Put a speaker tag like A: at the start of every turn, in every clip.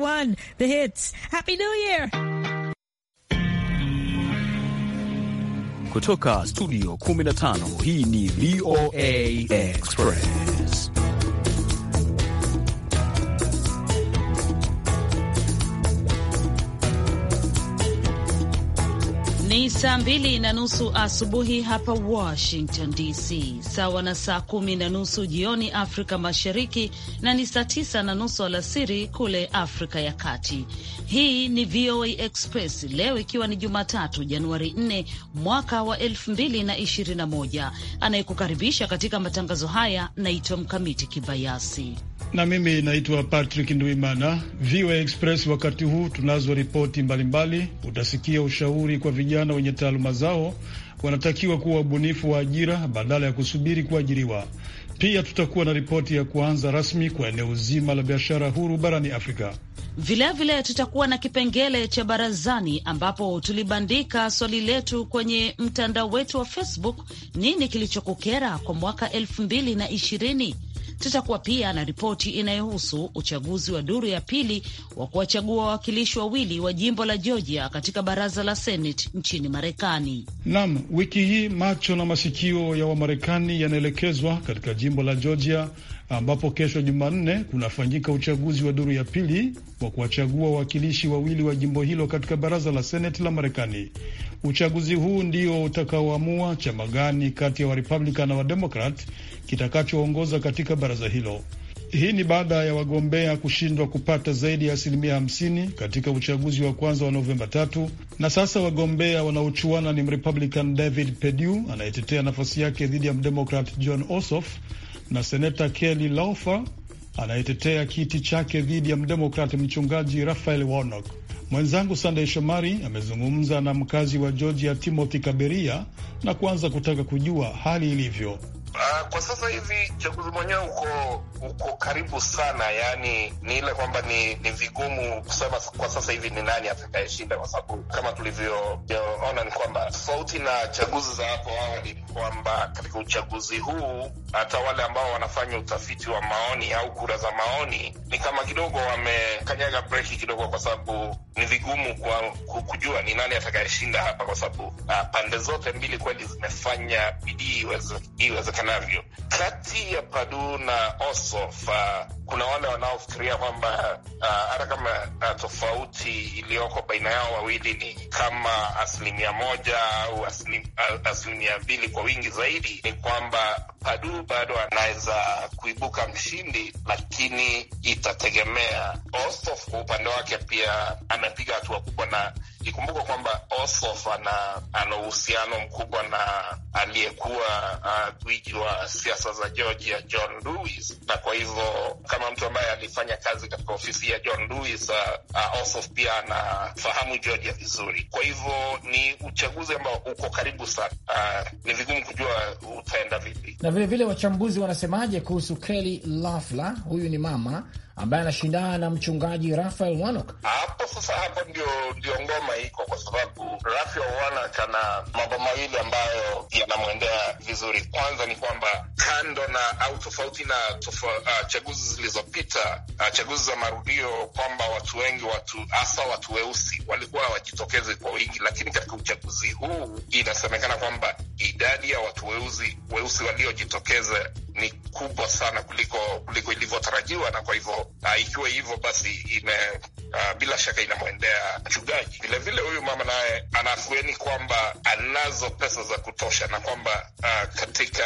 A: One, the hits. Happy New Year!
B: Kutoka studio 15 hii ni VOA Express.
A: Ni saa mbili na nusu asubuhi hapa Washington DC, sawa na saa kumi na nusu jioni Afrika Mashariki, na ni saa tisa na nusu alasiri kule Afrika ya Kati. Hii ni VOA Express leo, ikiwa ni Jumatatu Januari 4 mwaka wa 2021. Anayekukaribisha katika matangazo haya naitwa Mkamiti Kibayasi
C: na mimi naitwa Patrick Ndwimana. VOA Express. Wakati huu tunazo ripoti mbalimbali, utasikia ushauri kwa vijana wenye taaluma zao, wanatakiwa kuwa wabunifu wa ajira badala ya kusubiri kuajiriwa. Pia tutakuwa na ripoti ya kuanza rasmi kwa eneo zima la biashara huru barani Afrika.
A: Vilevile vile tutakuwa na kipengele cha barazani, ambapo tulibandika swali letu kwenye mtandao wetu wa Facebook, nini kilichokukera kwa mwaka elfu mbili na ishirini Tutakuwa pia na ripoti inayohusu uchaguzi wa duru ya pili wa kuwachagua wawakilishi wawili wa jimbo la Georgia katika baraza la Senate nchini Marekani.
C: Nam, wiki hii macho na masikio ya Wamarekani yanaelekezwa katika jimbo la Georgia ambapo kesho Jumanne kunafanyika uchaguzi wa duru ya pili wa kuwachagua wawakilishi wawili wa jimbo hilo katika baraza la seneti la Marekani. Uchaguzi huu ndio utakaoamua chama gani kati ya Warepublican na Wademokrat kitakachoongoza katika baraza hilo. Hii ni baada ya wagombea kushindwa kupata zaidi ya asilimia 50 katika uchaguzi wa kwanza wa Novemba tatu, na sasa wagombea wanaochuana ni Mrepublican David Perdue anayetetea nafasi yake dhidi ya Mdemokrat John Ossoff na seneta Kelly Loeffler anayetetea kiti chake dhidi ya mdemokrati mchungaji rafael Warnock. Mwenzangu Sandey Shomari amezungumza na mkazi wa Georgia Timothy Kaberia na kuanza kutaka kujua hali ilivyo. Uh, kwa
D: sasa hivi uchaguzi mwenyewe uko uko karibu sana, yani ni ile kwamba ni, ni vigumu kusema kwa sasa hivi ni nani atakayeshinda, kwa sababu kama tulivyoona ni kwamba tofauti na chaguzi za hapo awali ni kwamba katika uchaguzi huu hata wale ambao wanafanya utafiti wa maoni au kura za maoni ni kama kidogo wamekanyaga breki kidogo, kwa sababu ni vigumu kwa kujua ni nani atakayeshinda hapa, kwa sababu uh, pande zote mbili kweli zimefanya bidii iwezekanavyo inavyo. Katia Paduna Osofa kuna wale wanaofikiria kwamba uh, hata uh, kama uh, tofauti iliyoko baina yao wawili ni kama asilimia moja au aslim, uh, asilimia mbili kwa wingi zaidi, ni kwamba Padu bado anaweza kuibuka mshindi, lakini itategemea. Ossoff kwa upande wake pia amepiga hatua kubwa, na ikumbuka kwamba Ossoff ana ana uhusiano mkubwa na aliyekuwa uh, gwiji wa siasa za Georgia John Lewis, na kwa hivyo kama mtu ambaye alifanya kazi katika ofisi ya John Lewis uh, Ossoff uh, pia anafahamu Georgia vizuri. Kwa hivyo ni uchaguzi ambao uko karibu sana. Uh, ni vigumu kujua utaenda vipi,
B: na vilevile vile wachambuzi wanasemaje kuhusu Kelly Loeffler. Huyu ni mama ambaye anashindana na mchungaji Rafael Wanok. Hapo sasa, hapo ndio ndio ngoma
D: iko, kwa sababu Rafael Wanok ana mambo mawili ambayo yanamwendea vizuri. Kwanza ni kwamba kando na au tofauti na tofa, uh, chaguzi zilizopita uh, chaguzi za marudio, kwamba watu wengi watu hasa watu weusi walikuwa wajitokeze kwa wingi, lakini katika uchaguzi huu inasemekana kwamba idadi ya watu weusi weusi waliojitokeza ni kubwa sana kuliko kuliko ilivyotarajiwa, na kwa hivyo uh, ikiwa hivyo basi ime uh, bila shaka inamwendea mchungaji. Vilevile huyu mama naye anafueni kwamba anazo pesa za kutosha na kwamba uh, katika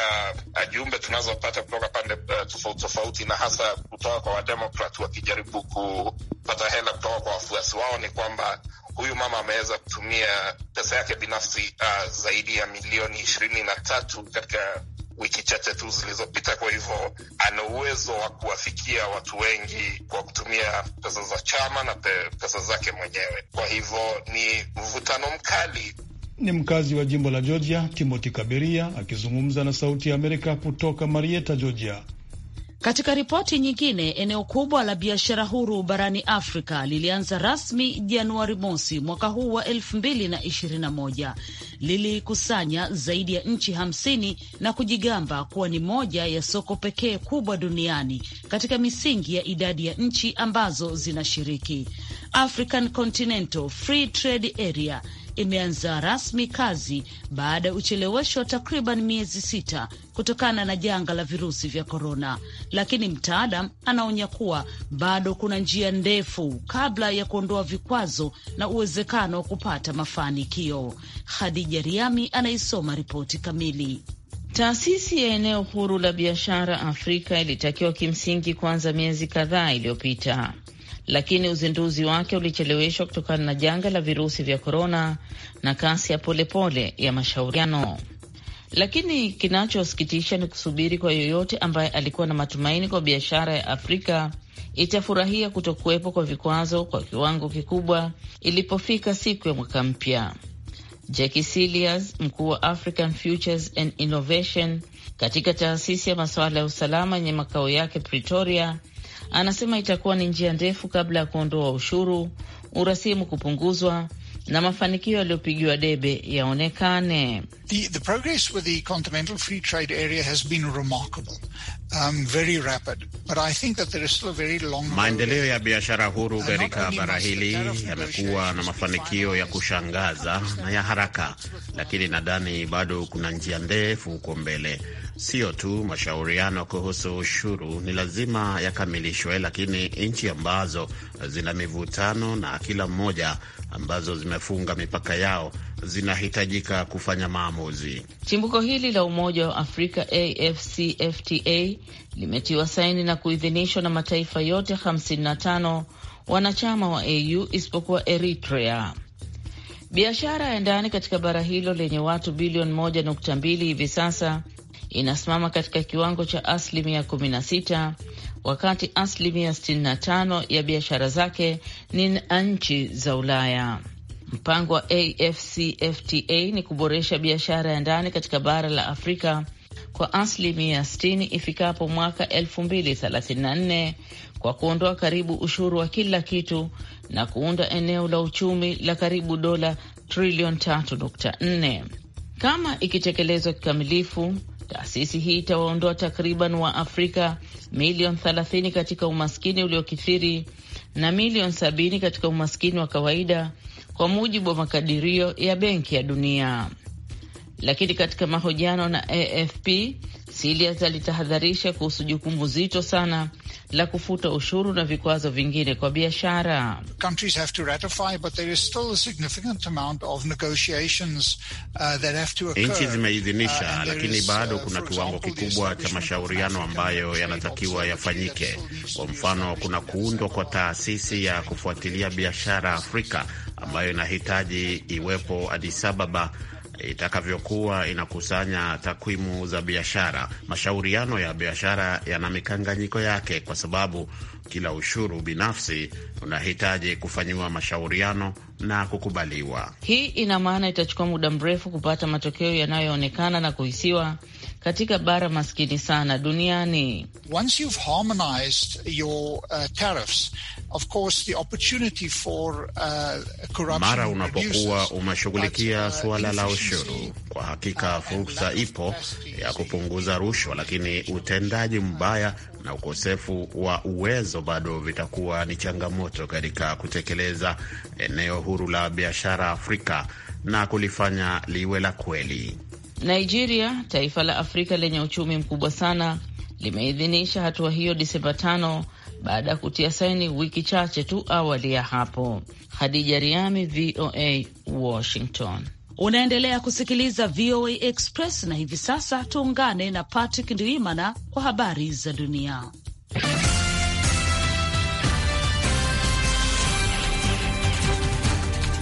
D: uh, jumbe tunazopata kutoka pande uh, tofauti tofauti na hasa kutoka kwa Wademokrat wakijaribu kupata hela kutoka kwa wafuasi wao ni kwamba huyu mama ameweza kutumia pesa yake binafsi uh, zaidi ya milioni ishirini na tatu katika wiki chache tu zilizopita. Kwa hivyo ana uwezo wa kuwafikia watu wengi kwa kutumia pesa za chama na pesa zake mwenyewe. Kwa hivyo ni mvutano mkali.
C: Ni mkazi wa jimbo la Georgia, Timothy Kaberia akizungumza na Sauti ya Amerika kutoka Marietta, Georgia.
A: Katika ripoti nyingine, eneo kubwa la biashara huru barani Afrika lilianza rasmi Januari mosi mwaka huu wa elfu mbili na ishirini na moja lilikusanya zaidi ya nchi hamsini na kujigamba kuwa ni moja ya soko pekee kubwa duniani katika misingi ya idadi ya nchi ambazo zinashiriki. African Continental Free Trade Area imeanza rasmi kazi baada ya uchelewesho wa takriban miezi sita kutokana na janga la virusi vya korona, lakini mtaalam anaonya kuwa bado kuna njia ndefu kabla ya kuondoa vikwazo na uwezekano wa kupata mafanikio. Khadija Riami anaisoma ripoti kamili. Taasisi ya eneo huru la
E: biashara Afrika ilitakiwa kimsingi kuanza miezi kadhaa iliyopita lakini uzinduzi wake ulicheleweshwa kutokana na janga la virusi vya korona na kasi ya polepole pole ya mashauriano. Lakini kinachosikitisha ni kusubiri kwa yoyote ambaye alikuwa na matumaini kwa biashara ya Afrika itafurahia kutokuwepo kwa vikwazo kwa kiwango kikubwa ilipofika siku ya mwaka mpya. Jackie Silias, mkuu wa African Futures and Innovation katika taasisi ya masuala ya usalama yenye makao yake Pretoria, Anasema itakuwa ni njia ndefu kabla ya kuondoa ushuru, urasimu kupunguzwa na mafanikio yaliyopigiwa debe yaonekane
D: um, very rapid. But I think that there is still a very long...
B: maendeleo ya biashara huru katika bara hili yamekuwa na mafanikio ya kushangaza na ya haraka, lakini nadhani bado kuna njia ndefu huko mbele. Sio tu mashauriano kuhusu ushuru ni lazima yakamilishwe, lakini nchi ambazo zina mivutano na kila mmoja ambazo zimefunga mipaka yao zinahitajika kufanya maamuzi.
E: Chimbuko hili la Umoja wa Afrika AfCFTA limetiwa saini na kuidhinishwa na mataifa yote 55 wanachama wa AU isipokuwa Eritrea. Biashara ya ndani katika bara hilo lenye watu bilioni 1.2 hivi sasa inasimama katika kiwango cha asilimia 16 wakati asilimia 65 ya biashara zake ni na nchi za Ulaya. Mpango wa AfCFTA ni kuboresha biashara ya ndani katika bara la Afrika kwa asilimia 60 ifikapo mwaka 2034 kwa kuondoa karibu ushuru wa kila kitu na kuunda eneo la uchumi la karibu dola trilioni 3.4. Kama ikitekelezwa kikamilifu, Taasisi hii itawaondoa takriban wa afrika milioni 30 katika umaskini uliokithiri na milioni 70 katika umaskini wa kawaida kwa mujibu wa makadirio ya Benki ya Dunia. Lakini katika mahojiano na AFP Silias alitahadharisha kuhusu jukumu zito sana la kufuta ushuru na vikwazo vingine kwa biashara.
D: Nchi zimeidhinisha, uh, lakini bado uh,
B: kuna uh, kiwango kikubwa cha mashauriano ambayo yanatakiwa yafanyike. Kwa mfano, kuna kuundwa kwa taasisi ya kufuatilia biashara Afrika ambayo inahitaji iwepo Addis Ababa itakavyokuwa inakusanya takwimu za biashara. Mashauriano ya biashara yana mikanganyiko yake, kwa sababu kila ushuru binafsi unahitaji kufanyiwa mashauriano na kukubaliwa.
E: Hii ina maana itachukua muda mrefu kupata matokeo yanayoonekana na kuhisiwa katika bara maskini sana duniani.
D: Once you've harmonized your uh, tariffs, of course the opportunity for uh, corruption. Mara unapokuwa uh,
B: umeshughulikia suala la ushuru, kwa hakika fursa ipo ya kupunguza rushwa, lakini utendaji mbaya na ukosefu wa uwezo bado vitakuwa ni changamoto katika kutekeleza eneo huru la biashara Afrika na kulifanya liwe la kweli.
E: Nigeria, taifa la Afrika lenye uchumi mkubwa sana, limeidhinisha hatua hiyo Disemba tano baada ya kutia saini wiki chache tu awali ya hapo. Hadija Riami, VOA Washington.
A: Unaendelea kusikiliza VOA Express na hivi sasa tuungane na Patrick Ndwimana kwa habari za dunia.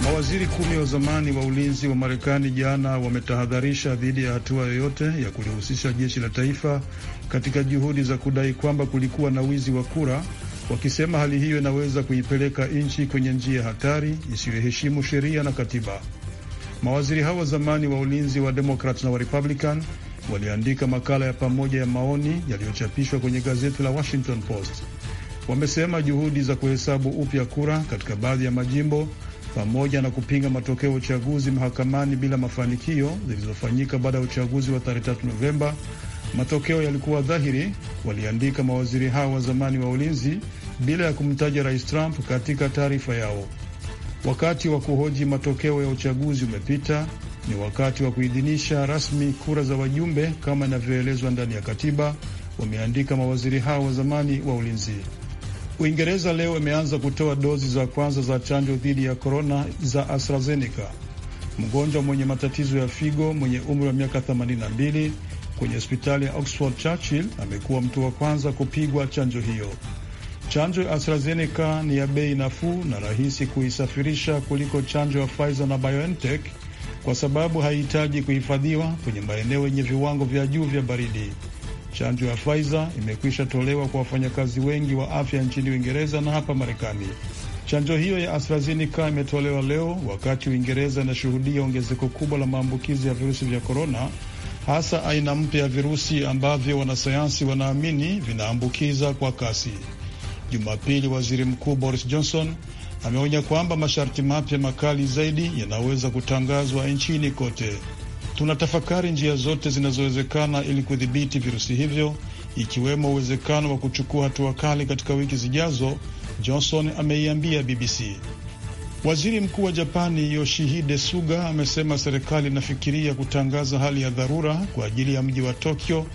C: Mawaziri kumi wa zamani wa ulinzi wa Marekani jana wametahadharisha dhidi ya hatua yoyote ya kulihusisha jeshi la taifa katika juhudi za kudai kwamba kulikuwa na wizi wa kura, wakisema hali hiyo inaweza kuipeleka nchi kwenye njia hatari isiyoheshimu sheria na katiba. Mawaziri hao wa zamani wa ulinzi wa Demokrat na wa Republican waliandika makala ya pamoja ya maoni yaliyochapishwa kwenye gazeti la Washington Post. Wamesema juhudi za kuhesabu upya kura katika baadhi ya majimbo pamoja na kupinga matokeo ya uchaguzi mahakamani bila mafanikio zilizofanyika baada ya uchaguzi wa tarehe 3 Novemba. Matokeo yalikuwa dhahiri, waliandika mawaziri hao wa zamani wa ulinzi bila ya kumtaja Rais Trump katika taarifa yao. Wakati wa kuhoji matokeo ya uchaguzi umepita, ni wakati wa kuidhinisha rasmi kura za wajumbe kama inavyoelezwa ndani ya katiba, wameandika mawaziri hao wa zamani wa ulinzi. Uingereza leo imeanza kutoa dozi za kwanza za chanjo dhidi ya korona za AstraZeneca. Mgonjwa mwenye matatizo ya figo mwenye umri wa miaka 82 kwenye hospitali ya Oxford Churchill amekuwa mtu wa kwanza kupigwa chanjo hiyo. Chanjo ya AstraZeneca ni ya bei nafuu na rahisi kuisafirisha kuliko chanjo ya Pfizer na BioNTech kwa sababu haihitaji kuhifadhiwa kwenye maeneo yenye viwango vya juu vya baridi. Chanjo ya Pfizer imekwisha tolewa kwa wafanyakazi wengi wa afya nchini Uingereza na hapa Marekani. Chanjo hiyo ya AstraZeneca imetolewa leo wakati Uingereza inashuhudia ongezeko kubwa la maambukizi ya virusi vya korona, hasa aina mpya ya virusi ambavyo wanasayansi wanaamini vinaambukiza kwa kasi. Jumapili, waziri mkuu Boris Johnson ameonya kwamba masharti mapya makali zaidi yanaweza kutangazwa nchini kote. Tunatafakari njia zote zinazowezekana ili kudhibiti virusi hivyo, ikiwemo uwezekano wa kuchukua hatua kali katika wiki zijazo, Johnson ameiambia BBC. Waziri Mkuu wa Japani Yoshihide Suga amesema serikali inafikiria kutangaza hali ya dharura kwa ajili ya mji wa Tokyo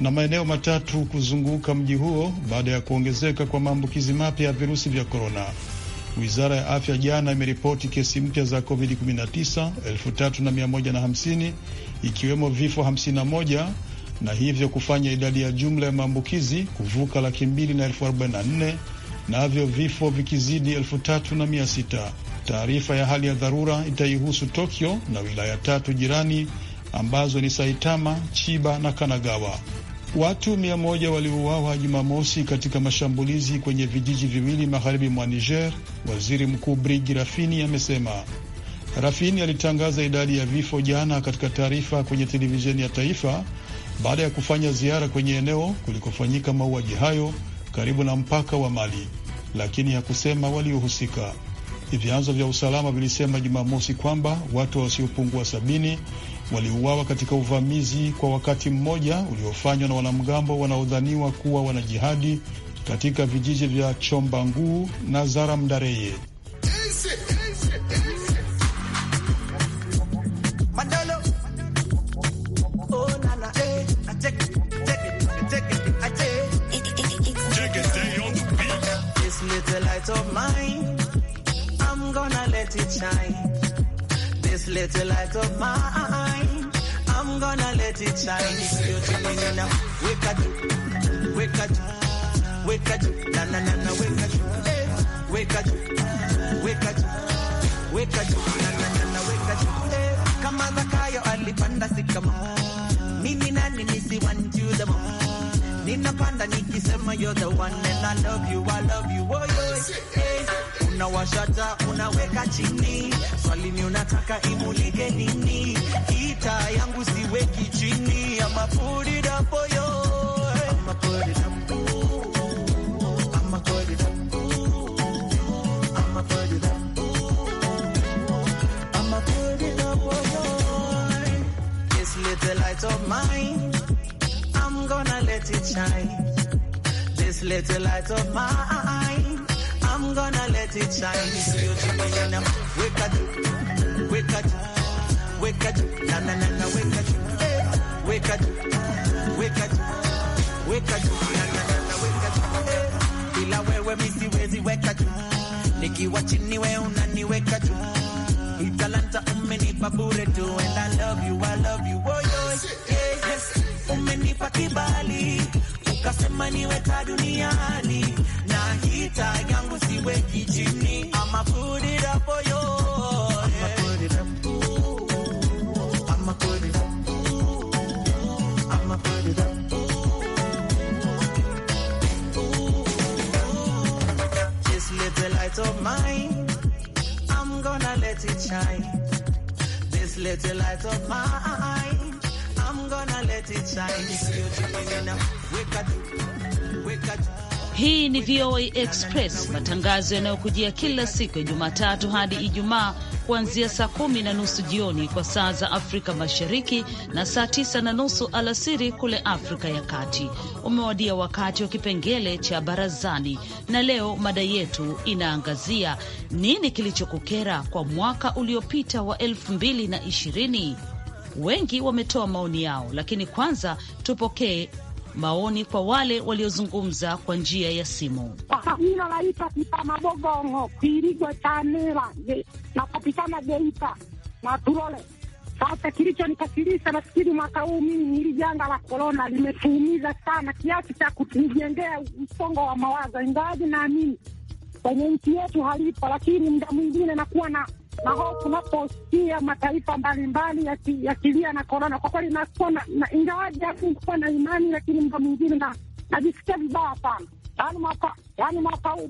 C: na maeneo matatu kuzunguka mji huo baada ya kuongezeka kwa maambukizi mapya ya virusi vya korona. Wizara ya afya jana imeripoti kesi mpya za COVID-19 3150 ikiwemo vifo 51 na hivyo kufanya idadi ya jumla ya maambukizi kuvuka laki mbili na elfu arobaini na nne navyo vifo vikizidi elfu tatu na mia sita. Taarifa ya hali ya dharura itaihusu Tokyo na wilaya tatu jirani ambazo ni Saitama, Chiba na Kanagawa. Watu mia moja waliuawa Jumamosi katika mashambulizi kwenye vijiji viwili magharibi mwa Niger, waziri mkuu Brigi Rafini amesema. Rafini alitangaza idadi ya vifo jana katika taarifa kwenye televisheni ya taifa baada ya kufanya ziara kwenye eneo kulikofanyika mauaji hayo karibu na mpaka wa Mali, lakini hakusema waliohusika. Vyanzo vya usalama vilisema Jumamosi kwamba watu wasiopungua sabini waliuawa katika uvamizi kwa wakati mmoja uliofanywa na wanamgambo wanaodhaniwa kuwa wanajihadi katika vijiji vya nguu na Zaramdareye
F: little light of mine, I'm gonna let it shine. It's beautiful enough. Wake up, wake up, wake up, na na na na, eh, wake up, wake up, wake up, wake up, na na na na, wake up. Kama Zakayo alipanda sikama, mimi nani nisiwani the mama, ninapanda nikisema you're the one and I love you, I love you, oh yeah unawashata unaweka chini, swali ni unataka imulike nini? Kita yangu siweki chini, ama put it up Little light of mine, I'm gonna let it shine. This little light of mine I'm gonna let it shine. Wake up, wake up, wake up, na na na na, wake up, wake up, na na na na, wake up. Bila wewe mimi siwezi weka tu, nikiwa chini wewe unaniweka tu. Hii talanta umenipa tu, and I love you, I love you, oh yo, yes, yes. Umenipa kibali ukasema ta duniani it This little light of mine, I'm gonna let it shine. This little light of mine, I'm gonna let it shine. Wake up, wake up.
A: Hii ni VOA Express, matangazo yanayokujia kila siku ya Jumatatu hadi Ijumaa kuanzia saa kumi na nusu jioni kwa saa za Afrika Mashariki na saa tisa na nusu alasiri kule Afrika ya Kati. Umewadia wakati wa kipengele cha barazani, na leo mada yetu inaangazia nini kilichokukera kwa mwaka uliopita wa elfu mbili na ishirini. Wengi wametoa maoni yao, lakini kwanza tupokee maoni kwa wale waliozungumza kwa njia ya simu.
G: Jina naitwa mabogongo kirigwa Chanela, napatikana Geita na Sasa kilichonikasirisha nafikiri mwaka huu mimi, hili janga la korona limetuumiza sana kiasi cha kunijengea msongo wa mawazo, ingawaji naamini kwenye nchi yetu halipo, lakini muda mwingine nakuwa na na hao tunaposikia mataifa mbalimbali yakilia na korona, kwa kweli nakona, ingawaje hakukuwa na imani, lakini mda mwingine najisikia vibaya sana. Yaani mwaka yaani mwaka huu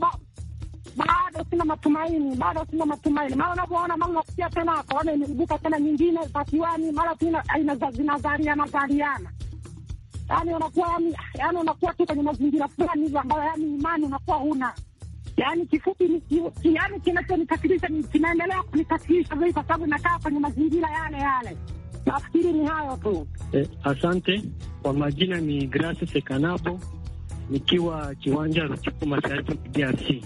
G: bado sina matumaini, bado sina matumaini. Mara unavyoona mama nakusikia tena korona imeibuka tena nyingine za kiwani, mara zinazaliana zaliana, yaani unakuwa yaani, yaani unakuwa tu kwenye mazingira fulani hivyo ambayo yaani imani unakuwa huna Yani kifupi ni yani, kinachonitatirisha kinaendelea kunitatirisha zaidi, kwa sababu nakaa kwenye mazingira yale yale. Nafikiri ni hayo tu
H: eh, asante. Kwa majina ni Grace Sekanabo, nikiwa kiwanja Ruchuru, mashariki DRC.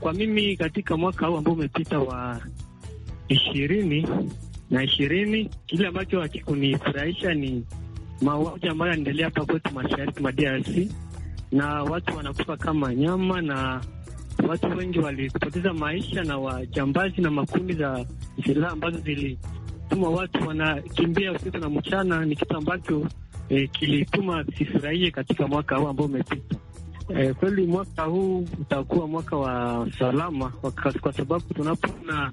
H: Kwa mimi katika mwaka huu ambao umepita wa ishirini na ishirini, kile ambacho hakikunifurahisha ni mauaji ambayo yanaendelea hapa kwetu mashariki ma DRC, na watu wanakufa kama nyama na watu wengi walipoteza maisha na wajambazi na makundi za silaha ambazo zilituma watu wanakimbia usiku na mchana. Ni kitu ambacho eh, kilituma sifurahie katika mwaka huu ambao umepita. Eh, kweli mwaka huu utakuwa mwaka wa salama wakati, kwa sababu tunapoona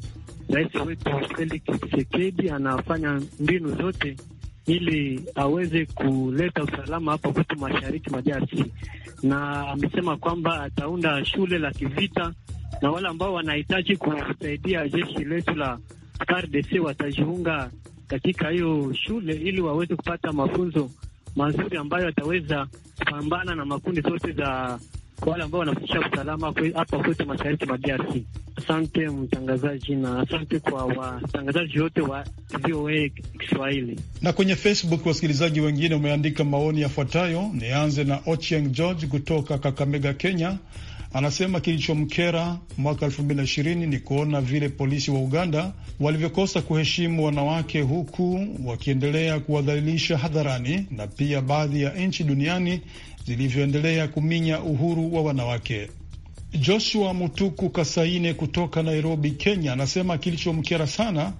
H: rais wetu Felix Tshisekedi anafanya mbinu zote ili aweze kuleta usalama hapa kwetu mashariki mwa DRC, na amesema kwamba ataunda shule la kivita na wale ambao wanahitaji kusaidia jeshi letu la FARDC watajiunga katika hiyo shule ili waweze kupata mafunzo mazuri ambayo ataweza kupambana na makundi zote za kwa wale ambao wanafikisha usalama hapa kwetu mashariki mwa DRC. Asante mtangazaji, na asante kwa watangazaji wote wa VOA Kiswahili.
C: Na kwenye Facebook wasikilizaji wengine wameandika maoni yafuatayo. Nianze na Ochieng George kutoka Kakamega, Kenya. Anasema kilichomkera mwaka 2020 ni kuona vile polisi wa Uganda walivyokosa kuheshimu wanawake huku wakiendelea kuwadhalilisha hadharani, na pia baadhi ya nchi duniani zilivyoendelea kuminya uhuru wa wanawake. Joshua Mutuku Kasaine kutoka Nairobi, Kenya, anasema kilichomkera sana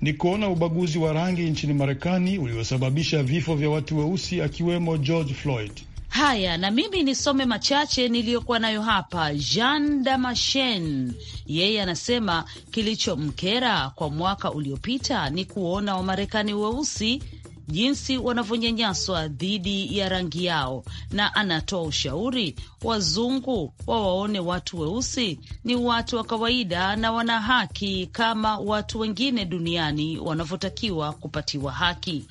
C: ni kuona ubaguzi wa rangi nchini Marekani uliosababisha vifo vya watu weusi akiwemo George Floyd.
A: Haya, na mimi nisome machache niliyokuwa nayo hapa. Jean Damashen yeye anasema kilichomkera kwa mwaka uliopita ni kuona Wamarekani weusi jinsi wanavyonyanyaswa dhidi ya rangi yao, na anatoa ushauri wazungu wawaone watu weusi ni watu wa kawaida na wana haki kama watu wengine duniani wanavyotakiwa kupatiwa haki.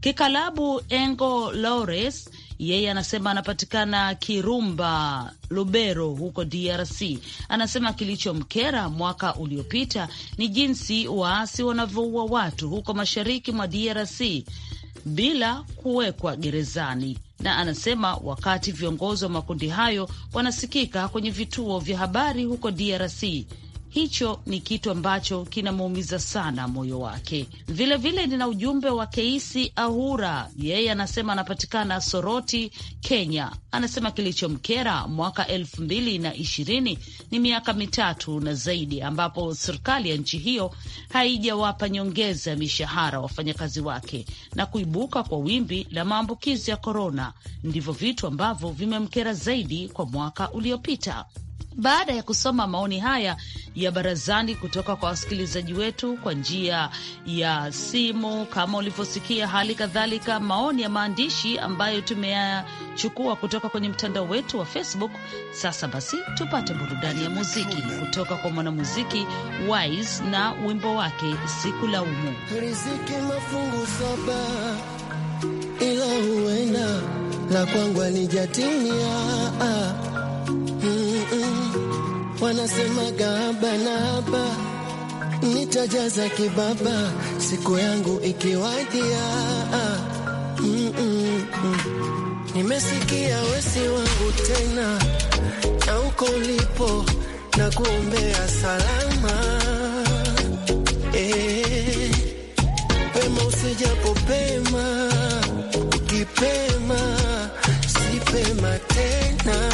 A: Kikalabu Engo Lores yeye anasema anapatikana Kirumba, Lubero, huko DRC. Anasema kilichomkera mwaka uliopita ni jinsi waasi wanavyoua watu huko mashariki mwa DRC bila kuwekwa gerezani na anasema wakati viongozi wa makundi hayo wanasikika kwenye vituo vya habari huko DRC Hicho ni kitu ambacho kinamuumiza sana moyo wake. Vilevile nina ujumbe wa Keisi Ahura, yeye anasema anapatikana Soroti, Kenya. Anasema kilichomkera mwaka elfu mbili na ishirini ni miaka mitatu na zaidi, ambapo serikali ya nchi hiyo haijawapa nyongeza ya mishahara wafanyakazi wake, na kuibuka kwa wimbi la maambukizi ya korona ndivyo vitu ambavyo vimemkera zaidi kwa mwaka uliopita. Baada ya kusoma maoni haya ya barazani kutoka kwa wasikilizaji wetu kwa njia ya simu, kama ulivyosikia, hali kadhalika maoni ya maandishi ambayo tumeyachukua kutoka kwenye mtandao wetu wa Facebook. Sasa basi, tupate burudani ya muziki kutoka kwa mwanamuziki Wise na wimbo wake siku laumu. Riziki mafungu
I: saba, ila huenda la kwangu alijatimia wanasema gaba na nitajaza kibaba siku yangu ikiwadia. mm -mm -mm. Nimesikia wesi wangu tena, na uko ulipo na kuombea salama eh, pema usijapo pema, ukipema si pema tena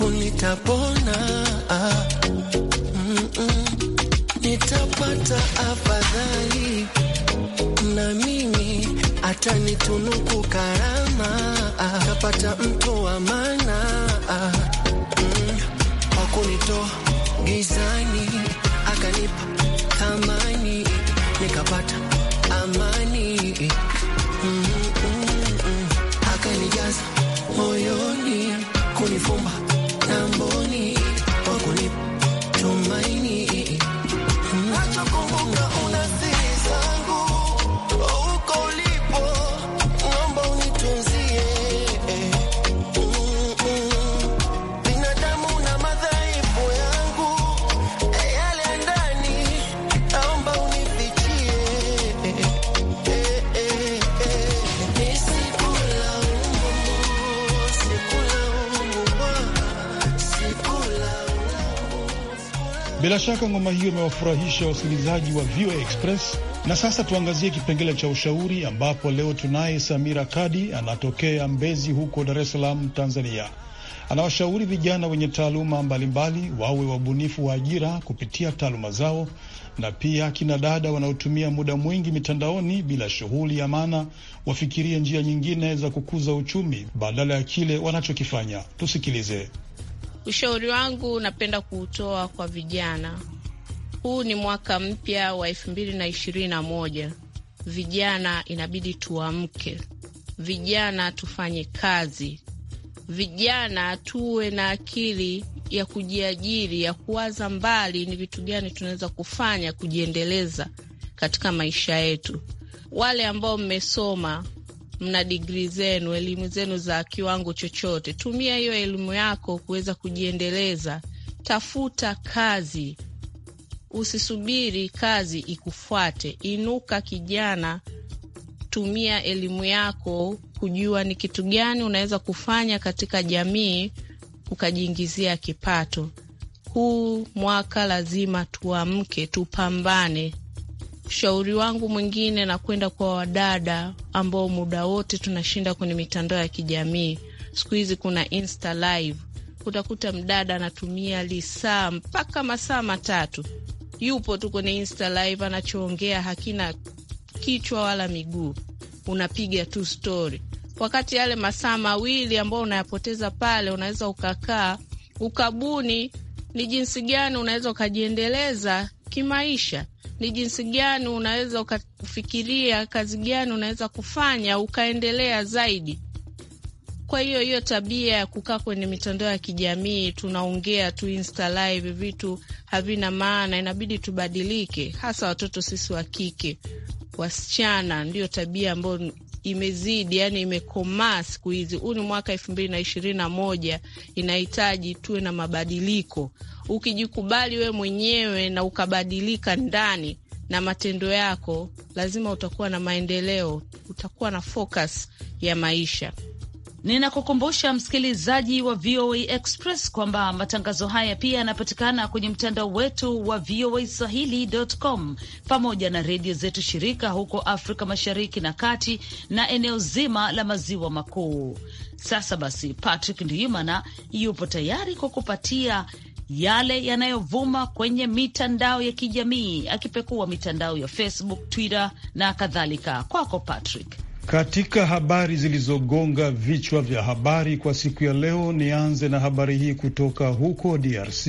I: kunitapa
C: shaka ngoma hiyo imewafurahisha wasikilizaji wa VOA Express. Na sasa tuangazie kipengele cha ushauri, ambapo leo tunaye Samira Kadi, anatokea Mbezi huko Dar es Salaam, Tanzania. Anawashauri vijana wenye taaluma mbalimbali wawe wabunifu wa ajira kupitia taaluma zao, na pia kina dada wanaotumia muda mwingi mitandaoni bila shughuli ya maana wafikirie njia nyingine za kukuza uchumi badala ya kile wanachokifanya. Tusikilize.
J: Ushauri wangu napenda kuutoa kwa vijana. Huu ni mwaka mpya wa elfu mbili na ishirini na moja. Vijana inabidi tuamke, vijana tufanye kazi, vijana tuwe na akili ya kujiajiri, ya kuwaza mbali, ni vitu gani tunaweza kufanya kujiendeleza katika maisha yetu. Wale ambao mmesoma mna digri zenu, elimu zenu za kiwango chochote, tumia hiyo elimu yako kuweza kujiendeleza. Tafuta kazi, usisubiri kazi ikufuate. Inuka kijana, tumia elimu yako kujua ni kitu gani unaweza kufanya katika jamii ukajiingizia kipato. Huu mwaka lazima tuamke, tupambane, Ushauri wangu mwingine na kwenda kwa wadada ambao muda wote tunashinda kwenye mitandao ya kijamii. Siku hizi kuna Insta Live, utakuta mdada anatumia lisaa mpaka masaa matatu, yupo tu kwenye Insta Live, anachoongea hakina kichwa wala miguu, unapiga tu stori. Wakati yale masaa mawili ambao unayapoteza pale, unaweza ukakaa ukabuni ni jinsi gani unaweza ukajiendeleza kimaisha ni jinsi gani unaweza ukafikiria kazi gani unaweza kufanya ukaendelea zaidi. Kwa hiyo hiyo tabia ya kukaa kwenye mitandao ya kijamii, tunaongea tu insta live, vitu havina maana, inabidi tubadilike, hasa watoto sisi wa kike, wasichana, ndiyo tabia ambayo imezidi, yani imekomaa siku hizi. Huu ni mwaka elfu mbili na ishirini na moja, inahitaji tuwe na mabadiliko. Ukijikubali we mwenyewe na ukabadilika ndani na matendo yako, lazima utakuwa na maendeleo, utakuwa na focus ya maisha. Ninakukumbusha msikilizaji wa VOA Express kwamba
A: matangazo haya pia yanapatikana kwenye mtandao wetu wa VOA Swahili.com pamoja na redio zetu shirika huko Afrika Mashariki na Kati na eneo zima la Maziwa Makuu. Sasa basi, Patrick ndiumana yupo tayari kwa kupatia yale yanayovuma kwenye mitandao ya kijamii, akipekua mitandao ya Facebook, Twitter na kadhalika. Kwako Patrick.
C: Katika habari zilizogonga vichwa vya habari kwa siku ya leo, nianze na habari hii kutoka huko DRC.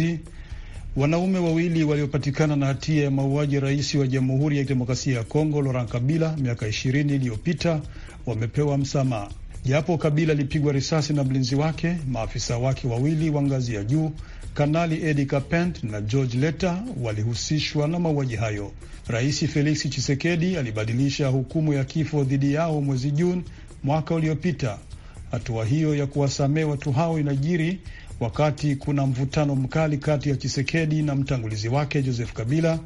C: Wanaume wawili waliopatikana na hatia ya mauaji rais wa Jamhuri ya Kidemokrasia ya Kongo Laurent Kabila miaka 20 iliyopita wamepewa msamaha, japo Kabila alipigwa risasi na mlinzi wake, maafisa wake wawili wa ngazi ya juu Kanali Edi Kapent na George Leta walihusishwa na mauaji hayo. Rais Feliksi Chisekedi alibadilisha hukumu ya kifo dhidi yao mwezi Juni mwaka uliopita. Hatua hiyo ya kuwasamehe watu hao inajiri wakati kuna mvutano mkali kati ya Chisekedi na mtangulizi wake Joseph Kabila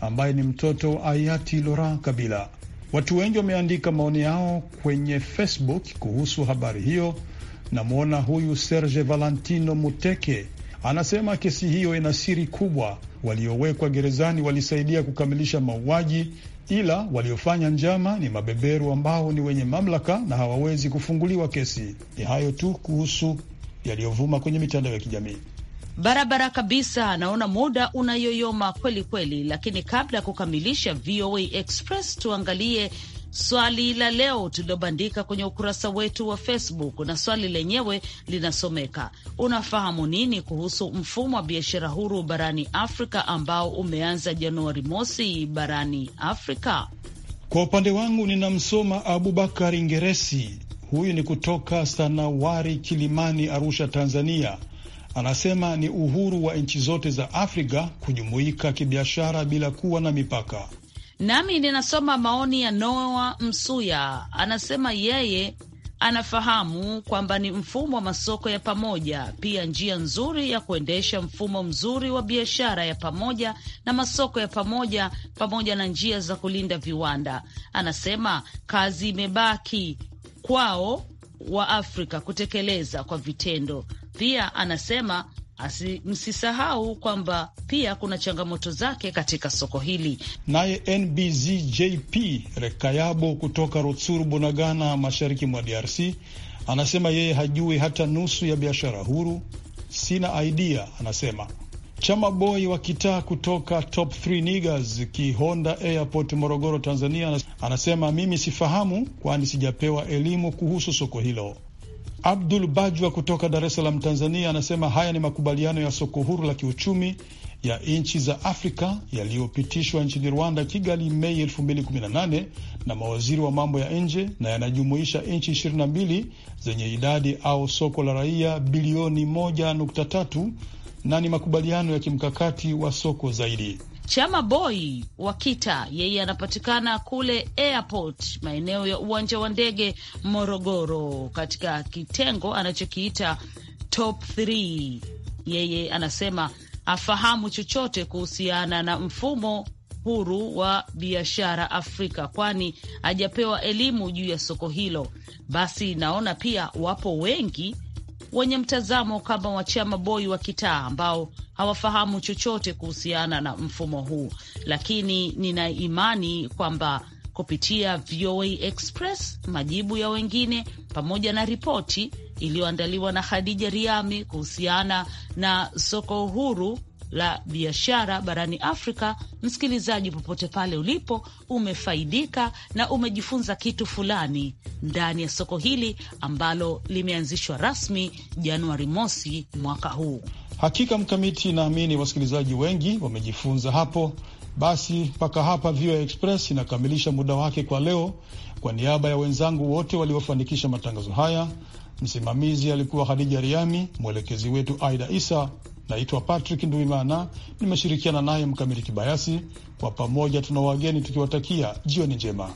C: ambaye ni mtoto wa hayati Laurent Kabila. Watu wengi wameandika maoni yao kwenye Facebook kuhusu habari hiyo. Namwona huyu Serge Valentino Muteke Anasema kesi hiyo ina siri kubwa. Waliowekwa gerezani walisaidia kukamilisha mauaji, ila waliofanya njama ni mabeberu ambao ni wenye mamlaka na hawawezi kufunguliwa kesi. Ni hayo tu kuhusu yaliyovuma kwenye mitandao ya kijamii.
A: Barabara kabisa, naona muda unayoyoma kweli kweli, lakini kabla ya kukamilisha VOA Express tuangalie swali la leo tulilobandika kwenye ukurasa wetu wa Facebook, na swali lenyewe linasomeka: unafahamu nini kuhusu mfumo wa biashara huru barani Afrika ambao umeanza Januari mosi barani Afrika?
C: Kwa upande wangu ninamsoma Abubakar Ingeresi, huyu ni kutoka Sanawari, Kilimani, Arusha, Tanzania. Anasema ni uhuru wa nchi zote za Afrika kujumuika kibiashara bila kuwa na mipaka.
A: Nami ninasoma maoni ya Noa Msuya, anasema yeye anafahamu kwamba ni mfumo wa masoko ya pamoja, pia njia nzuri ya kuendesha mfumo mzuri wa biashara ya pamoja na masoko ya pamoja, pamoja na njia za kulinda viwanda. Anasema kazi imebaki kwao wa Afrika kutekeleza kwa vitendo. Pia anasema Asi, msisahau kwamba pia kuna changamoto zake katika soko hili. Naye
C: NBZJP Rekayabo kutoka Rutsuru, Bunagana, mashariki mwa DRC anasema yeye hajui hata nusu ya biashara huru. Sina idea, anasema. Chama Boi wa kitaa kutoka Top 3 Niggas Kihonda Airport, Morogoro, Tanzania anasema mimi sifahamu, kwani sijapewa elimu kuhusu soko hilo. Abdul Bajwa kutoka Dar es Salaam, Tanzania, anasema haya ni makubaliano ya soko huru la kiuchumi ya nchi za Afrika yaliyopitishwa nchini Rwanda, Kigali, Mei 2018 na mawaziri wa mambo ya nje na yanajumuisha nchi 22 zenye idadi au soko la raia bilioni 1.3 na ni makubaliano ya kimkakati wa soko zaidi.
A: Chama Boy Wakita yeye anapatikana kule airport, maeneo ya uwanja wa ndege Morogoro, katika kitengo anachokiita top 3. Yeye anasema afahamu chochote kuhusiana na mfumo huru wa biashara Afrika, kwani hajapewa elimu juu ya soko hilo. Basi naona pia wapo wengi wenye mtazamo kama wachama boi wa kitaa ambao hawafahamu chochote kuhusiana na mfumo huu, lakini nina imani kwamba kupitia VOA Express, majibu ya wengine, pamoja na ripoti iliyoandaliwa na Khadija Riami kuhusiana na soko huru la biashara barani Afrika. Msikilizaji, popote pale ulipo, umefaidika na umejifunza kitu fulani ndani ya soko hili ambalo limeanzishwa rasmi Januari mosi mwaka huu. Hakika
C: Mkamiti, naamini wasikilizaji wengi wamejifunza hapo. Basi mpaka hapa VOA Express inakamilisha muda wake kwa leo. Kwa niaba ya wenzangu wote waliofanikisha matangazo haya, msimamizi alikuwa Hadija Riami, mwelekezi wetu Aida Isa. Naitwa Patrick Nduimana, nimeshirikiana naye Mkamili Kibayasi. Kwa pamoja tuna wageni tukiwatakia jioni njema.